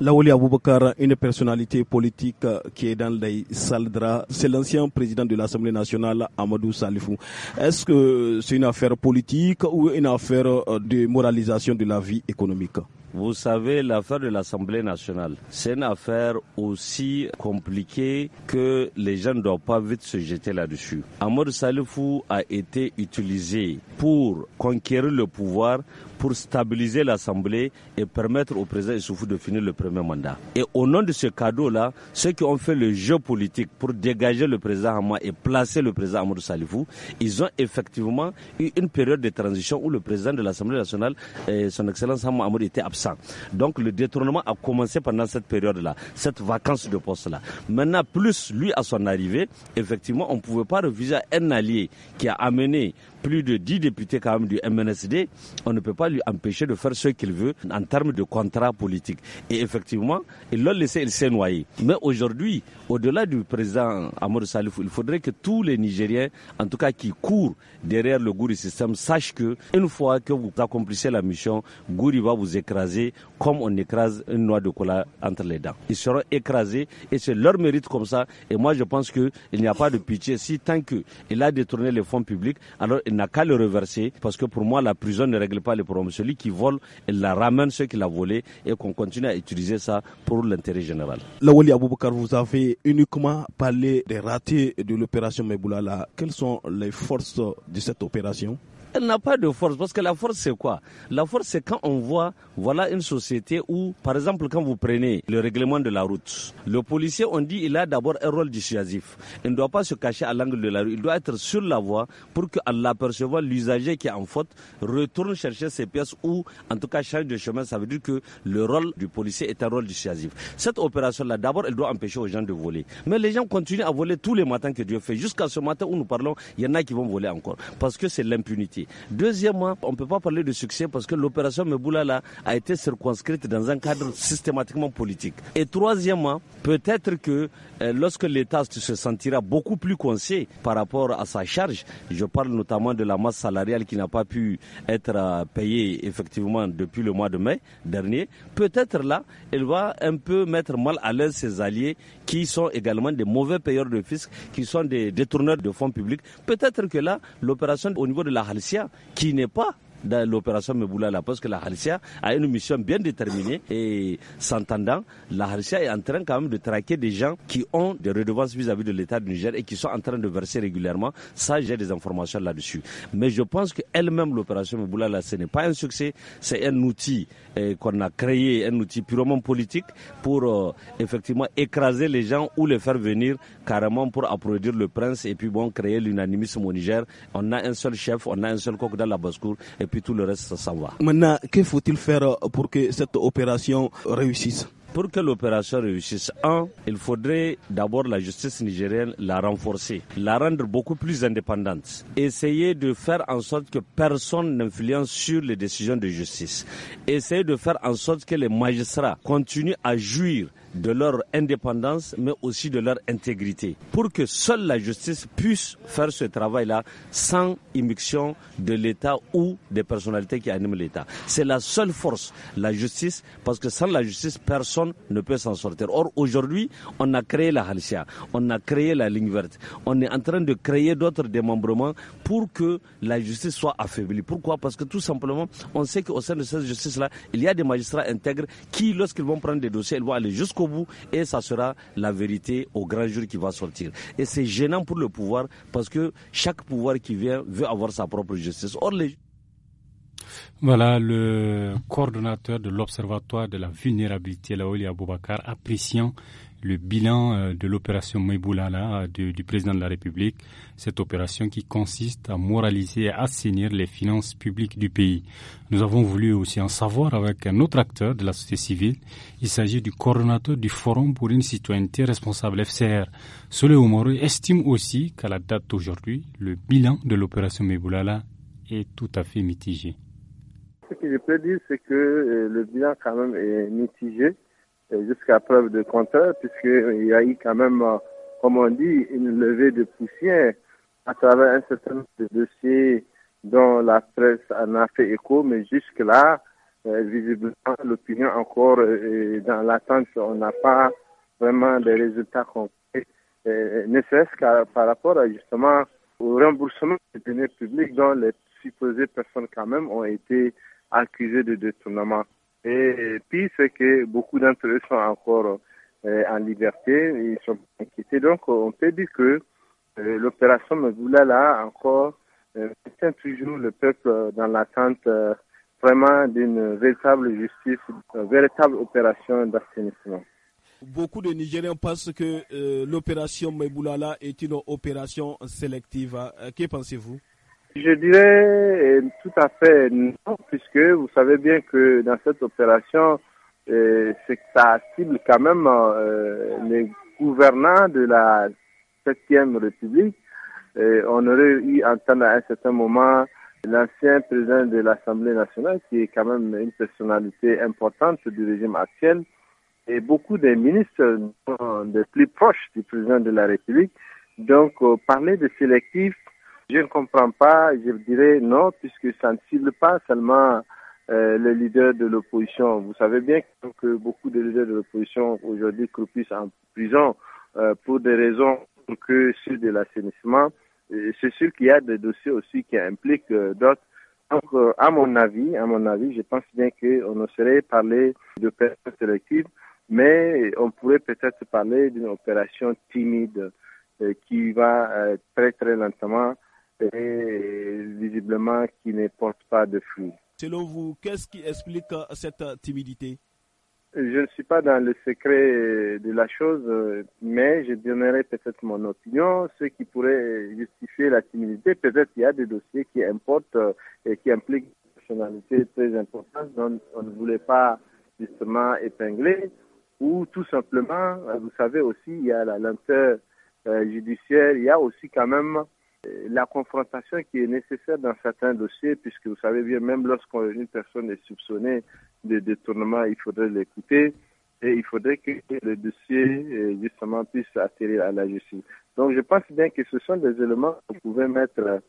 Laouli Aboubakar, une personnalité politique euh, qui est dans les Saldra, c'est l'ancien président de l'Assemblée nationale, Amadou Salifou. Est-ce que c'est une affaire politique ou une affaire euh, de moralisation de la vie économique vous savez, l'affaire de l'Assemblée nationale, c'est une affaire aussi compliquée que les gens ne doivent pas vite se jeter là-dessus. Amadou Salifou a été utilisé pour conquérir le pouvoir pour stabiliser l'Assemblée et permettre au président Issoufou de finir le premier mandat. Et au nom de ce cadeau-là, ceux qui ont fait le jeu politique pour dégager le président Hamma et placer le président Amadou Salifou, ils ont effectivement eu une période de transition où le président de l'Assemblée nationale, et son Excellence Hamad Amadou, était absent. Donc le détournement a commencé pendant cette période-là, cette vacance de poste-là. Maintenant, plus lui à son arrivée, effectivement, on ne pouvait pas reviser un allié qui a amené plus de 10 députés quand même du MNSD, on ne peut pas lui empêcher de faire ce qu'il veut en termes de contrat politique. Et effectivement, il l'a laissé, il s'est noyé. Mais aujourd'hui, au-delà du président Amadou Salifou, il faudrait que tous les Nigériens, en tout cas qui courent derrière le Gouri système, sachent que une fois que vous accomplissez la mission, Gouri va vous écraser comme on écrase une noix de cola entre les dents. Ils seront écrasés et c'est leur mérite comme ça. Et moi, je pense qu'il n'y a pas de pitié. Si tant qu'il a détourné les fonds publics, alors il il n'a qu'à le reverser parce que pour moi, la prison ne règle pas les problèmes. Celui qui vole, il la ramène ceux qui l'ont volé et qu'on continue à utiliser ça pour l'intérêt général. Lawali Abouboukar, vous avez uniquement parlé des ratés de l'opération Meboulala. Quelles sont les forces de cette opération elle n'a pas de force, parce que la force, c'est quoi La force, c'est quand on voit, voilà une société où, par exemple, quand vous prenez le règlement de la route, le policier, on dit, il a d'abord un rôle dissuasif. Il ne doit pas se cacher à l'angle de la rue, il doit être sur la voie pour qu'en l'apercevant, l'usager qui est en faute retourne chercher ses pièces ou, en tout cas, change de chemin. Ça veut dire que le rôle du policier est un rôle dissuasif. Cette opération-là, d'abord, elle doit empêcher aux gens de voler. Mais les gens continuent à voler tous les matins que Dieu fait. Jusqu'à ce matin où nous parlons, il y en a qui vont voler encore, parce que c'est l'impunité. Deuxièmement, on ne peut pas parler de succès parce que l'opération Meboulala a été circonscrite dans un cadre systématiquement politique. Et troisièmement, peut-être que euh, lorsque l'État se sentira beaucoup plus coincé par rapport à sa charge, je parle notamment de la masse salariale qui n'a pas pu être euh, payée effectivement depuis le mois de mai dernier, peut-être là, elle va un peu mettre mal à l'aise ses alliés qui sont également des mauvais payeurs de fisc, qui sont des détourneurs de fonds publics. Peut-être que là, l'opération au niveau de la Halcia, qui n'est pas dans l'opération Meboula parce que la Harissa a une mission bien déterminée et s'entendant, la Harissa est en train quand même de traquer des gens qui ont des redevances vis-à-vis de l'État du Niger et qui sont en train de verser régulièrement. Ça, j'ai des informations là-dessus. Mais je pense qu'elle-même, l'opération Meboula ce n'est pas un succès, c'est un outil eh, qu'on a créé, un outil purement politique pour euh, effectivement écraser les gens ou les faire venir carrément pour applaudir le prince et puis bon, créer l'unanimisme au Niger. On a un seul chef, on a un seul coq dans la basse-cour et puis tout le reste, ça va. Maintenant, que faut-il faire pour que cette opération réussisse pour que l'opération réussisse, un, il faudrait d'abord la justice nigérienne la renforcer, la rendre beaucoup plus indépendante, essayer de faire en sorte que personne n'influence sur les décisions de justice, essayer de faire en sorte que les magistrats continuent à jouir de leur indépendance, mais aussi de leur intégrité, pour que seule la justice puisse faire ce travail-là sans immixtion de l'État ou des personnalités qui animent l'État. C'est la seule force, la justice, parce que sans la justice, personne ne peut s'en sortir. Or, aujourd'hui, on a créé la Halicia, on a créé la ligne verte, on est en train de créer d'autres démembrements pour que la justice soit affaiblie. Pourquoi Parce que tout simplement, on sait qu'au sein de cette justice-là, il y a des magistrats intègres qui, lorsqu'ils vont prendre des dossiers, ils vont aller jusqu'au bout et ça sera la vérité au grand jour qui va sortir. Et c'est gênant pour le pouvoir parce que chaque pouvoir qui vient veut avoir sa propre justice. Or, les... Voilà, le coordonnateur de l'Observatoire de la vulnérabilité, Laoli Aboubakar, appréciant le bilan euh, de l'opération Meboulala euh, du, du, président de la République, cette opération qui consiste à moraliser et assainir les finances publiques du pays. Nous avons voulu aussi en savoir avec un autre acteur de la société civile. Il s'agit du coordonnateur du Forum pour une citoyenneté responsable FCR. Soleil Oumarou estime aussi qu'à la date d'aujourd'hui, le bilan de l'opération Meboulala est tout à fait mitigé. Ce que je peux dire, c'est que euh, le bilan quand même est mitigé jusqu'à preuve de contraire, puisqu'il y a eu quand même, euh, comme on dit, une levée de poussière à travers un certain nombre de dossiers dont la presse en a fait écho, mais jusque-là, euh, visiblement, l'opinion encore dans l'attente, on n'a pas vraiment des résultats concrets, euh, ne serait-ce qu'à par rapport à justement au remboursement des données publiques dont les supposées personnes quand même ont été accusées de détournement. Et puis, c'est que beaucoup d'entre eux sont encore euh, en liberté, ils sont inquiétés. Donc, on peut dire que euh, l'opération Meboulala, encore, euh, toujours le peuple dans l'attente vraiment d'une véritable justice, d'une véritable opération d'assainissement. Beaucoup de Nigériens pensent que l'opération Meboulala est une opération sélective. Que pensez-vous je dirais euh, tout à fait non, puisque vous savez bien que dans cette opération, euh, c'est que ça cible quand même euh, les gouvernants de la 7e République. on aurait eu à entendre à un certain moment l'ancien président de l'Assemblée nationale, qui est quand même une personnalité importante du régime actuel, et beaucoup des ministres des plus proches du président de la République. Donc, parler de sélectif, je ne comprends pas, je dirais non, puisque ça ne cible pas seulement euh, les leaders de l'opposition. Vous savez bien que beaucoup de leaders de l'opposition aujourd'hui croupissent en prison euh, pour des raisons que celles de l'assainissement. C'est sûr qu'il y a des dossiers aussi qui impliquent euh, d'autres. Donc, à mon avis, à mon avis, je pense bien qu'on ne saurait parler de personnes sélectives, mais on pourrait peut-être parler d'une opération timide qui va très très lentement et euh, visiblement qui ne porte pas de fruits. Selon vous, qu'est-ce qui explique euh, cette timidité Je ne suis pas dans le secret euh, de la chose, mais je donnerai peut-être mon opinion. Ce qui pourrait justifier la timidité, peut-être il y a des dossiers qui importent et qui impliquent des personnalités très importantes dont on ne voulait pas justement épingler, ou tout simplement, vous savez aussi, il y a la lenteur judiciaire, il y a aussi quand même la confrontation qui est nécessaire dans certains dossiers, puisque vous savez bien, même lorsqu'une personne est soupçonnée de détournement, il faudrait l'écouter et il faudrait que le dossier, euh, justement, puisse atterrir à la justice. Donc, je pense bien que ce sont des éléments qu'on pouvait mettre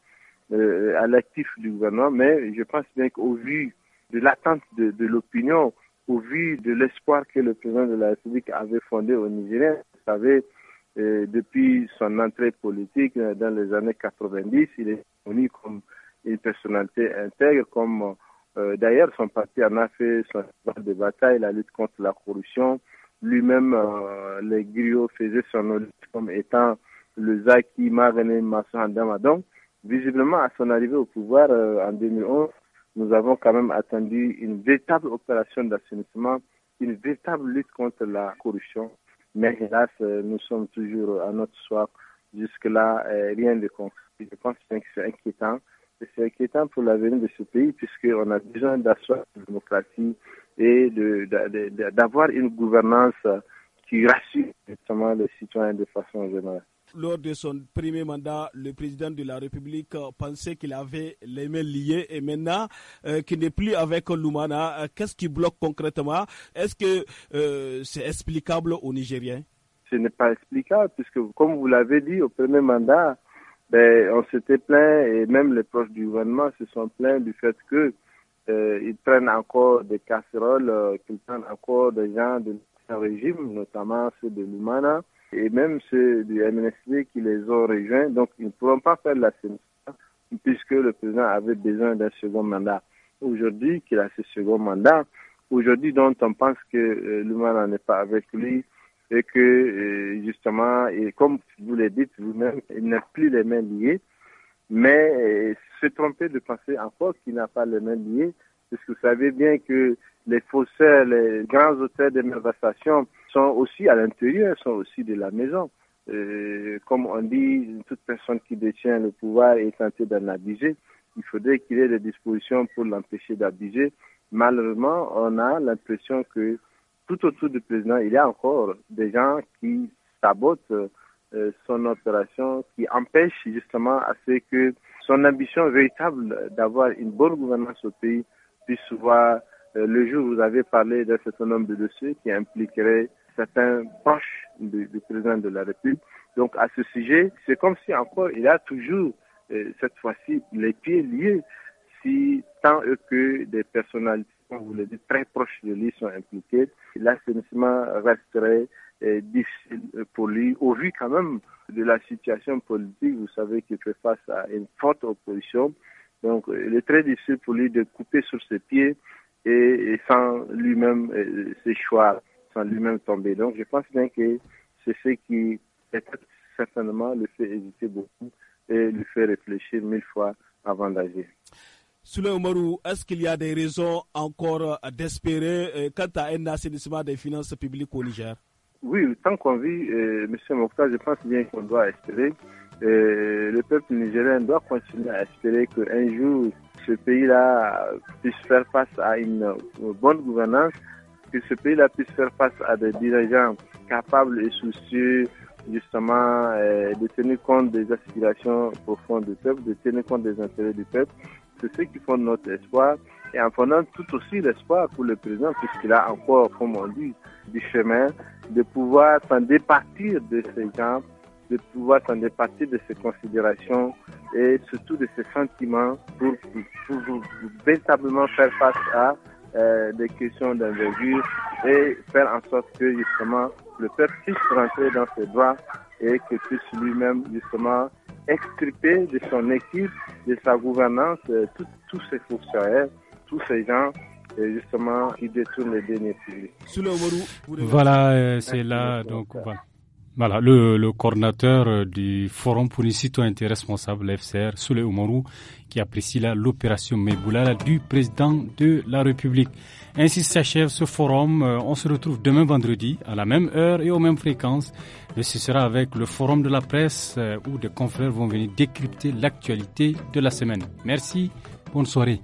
euh, à l'actif du gouvernement, mais je pense bien qu'au vu de l'attente de, l'opinion, au vu de l'espoir que le président de la République avait fondé au Nigerien, vous savez, et depuis son entrée politique euh, dans les années 90, il est connu comme une personnalité intègre, comme euh, d'ailleurs son parti en a fait son de bataille, la lutte contre la corruption. Lui-même, euh, les griots faisaient son nom comme étant le Zaki Marené Masson Donc, Visiblement, à son arrivée au pouvoir euh, en 2011, nous avons quand même attendu une véritable opération d'assainissement, une véritable lutte contre la corruption mais hélas, euh, nous sommes toujours à notre soif. Jusque-là, euh, rien de concret. Je pense que c'est inquiétant. C'est inquiétant pour l'avenir de ce pays puisqu'on a besoin d'asseoir la démocratie et d'avoir une gouvernance qui rassure justement les citoyens de façon générale lors de son premier mandat, le président de la République euh, pensait qu'il avait les mains liées et maintenant euh, qu'il n'est plus avec Lumana, euh, qu'est-ce qui bloque concrètement Est-ce que c'est explicable aux Nigériens Ce n'est pas explicable puisque, comme vous l'avez dit, au premier mandat, ben, on s'était plaint et même les proches du gouvernement se sont plaints du fait que ils prennent encore des casseroles, qu'ils prennent encore des gens de régime, notamment ceux de Lumana et même ceux du MNSD qui les ont rejoints, donc ils ne pourront pas faire la séance, puisque le président avait besoin d'un second mandat. Aujourd'hui qu'il a ce second mandat, aujourd'hui dont on pense que le euh, l'humain n'en est pas avec lui et que euh, justement, et comme vous l'avez dites vous-même, il n'a plus les mains liées, mais euh, se tromper de penser encore qu'il n'a pas les mains liées, puisque vous savez bien que les faussaires, les grands auteurs des manifestations, sont aussi à l'intérieur, sont aussi de la maison. Euh, comme on dit, toute personne qui détient le pouvoir est tentée d'en abuser. Il faudrait qu'il ait des dispositions pour l'empêcher d'abuser. Malheureusement, on a l'impression que tout autour du président, il y a encore des gens qui sabotent euh, son opération, qui empêchent justement à ce que son ambition véritable d'avoir une bonne gouvernance au pays puisse voir euh, le jour où vous avez parlé d'un certain nombre de dossiers qui impliqueraient certains proches du, président de la République. Donc à ce sujet, c'est comme si encore il a toujours, euh, cette fois-ci, les pieds liés, si tant que des personnalités, on vous le très proches de lui sont impliquées, l'assainissement resterait euh, difficile pour lui, au vu quand même de la situation politique, vous savez qu'il fait face à une forte opposition. Donc euh, il est très difficile pour lui de couper sur ses pieds et, sans lui-même euh, ses sans lui-même tomber. Donc, je pense bien que c'est ce qui, peut certainement, le fait hésiter beaucoup et le fait réfléchir mille fois avant d'agir. Souley Omarou, est-ce qu'il y a des raisons encore d'espérer euh, quant à un assainissement des finances publiques au Niger Oui, tant qu'on vit, euh, Monsieur M. je pense bien qu'on doit espérer. Euh, le peuple nigérien doit continuer à espérer qu'un jour, ce pays-là puisse faire face à une bonne gouvernance que ce pays-là puisse faire face à des dirigeants capables et soucieux justement euh, de tenir compte des aspirations profondes du peuple, de tenir compte des intérêts du peuple. C'est ce qui font notre espoir et en fondant tout aussi l'espoir pour le président puisqu'il a encore, comme on dit, du chemin, de pouvoir s'en départir de ces gens, de pouvoir s'en départir de ces considérations et surtout de ces sentiments pour, pour véritablement faire face à euh, des questions d'envergure et faire en sorte que justement le peuple puisse rentrer dans ses droits et que puisse lui-même justement extirper de son équipe, de sa gouvernance, euh, tous ces fonctionnaires, tous ces gens et justement qui détournent les derniers publics. Voilà, euh, c'est là donc. Voilà. Voilà, le, coordonnateur coordinateur euh, du Forum pour une citoyenneté responsable, l'FCR, Soule Oumarou, qui apprécie l'opération Meboulala du président de la République. Ainsi s'achève ce forum. Euh, on se retrouve demain vendredi à la même heure et aux mêmes fréquences. ce sera avec le Forum de la presse euh, où des confrères vont venir décrypter l'actualité de la semaine. Merci, bonne soirée.